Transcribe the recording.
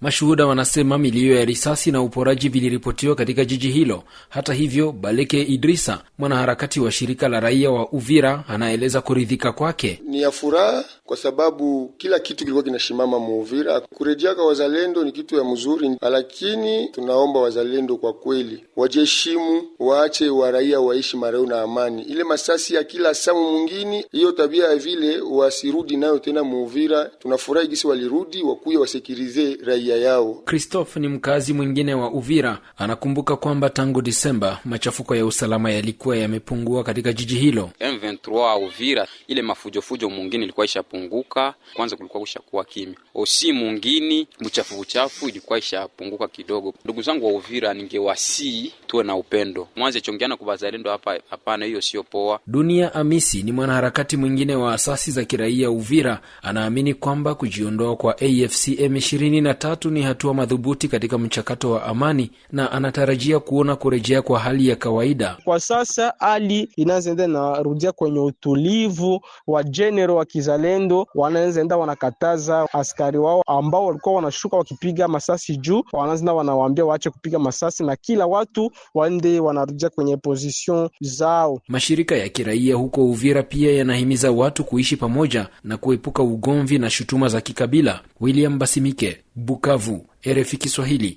Mashuhuda wanasema milio ya risasi na uporaji viliripotiwa katika jiji hilo. Hata hivyo, Baleke Idrisa, mwanaharakati wa shirika la raia wa Uvira, anaeleza kuridhika kwake. Ni ya furaha kwa sababu kila kitu kilikuwa kinashimama Muuvira. Kurejea kwa wazalendo ni kitu ya mzuri, lakini tunaomba wazalendo kwa kweli wajeshimu waache wa raia waishi mareu na amani. Ile masasi ya kila samu mwingine, hiyo tabia ya vile wasirudi nayo tena Muuvira. Tunafurahi gisi walirudi wakuya wasekirize raia yao. Christophe ni mkazi mwingine wa Uvira, anakumbuka kwamba tangu Disemba machafuko ya usalama yalikuwa yamepungua katika jiji hilo. M23 Uvira, ile mafujofujo mwingine ilikuwa ishapungua kupunguka. Kwanza kulikuwa kushakuwa kimya, osi mungini mchafu buchafu ilikuwa ishapunguka kidogo. Ndugu zangu wa Uvira, ningewasii tuwe na upendo, mwanze chongeana kubazalendo hapa. Hapana, hiyo sio poa. Dunia Amisi ni mwanaharakati mwingine wa asasi za kiraia Uvira, anaamini kwamba kujiondoa kwa AFC M23 ni hatua madhubuti katika mchakato wa amani na anatarajia kuona kurejea kwa hali ya kawaida. Kwa sasa hali inazoenda inarudia kwenye utulivu wa jenero wa kizalendo vitendo, wanaweza enda wanakataza askari wao ambao walikuwa wanashuka wakipiga masasi juu, wanaenda wanawaambia waache kupiga masasi na kila watu waende wanarudia kwenye position zao. Mashirika ya kiraia huko Uvira pia yanahimiza watu kuishi pamoja na kuepuka ugomvi na shutuma za kikabila. William Basimike, Bukavu, RFI Kiswahili.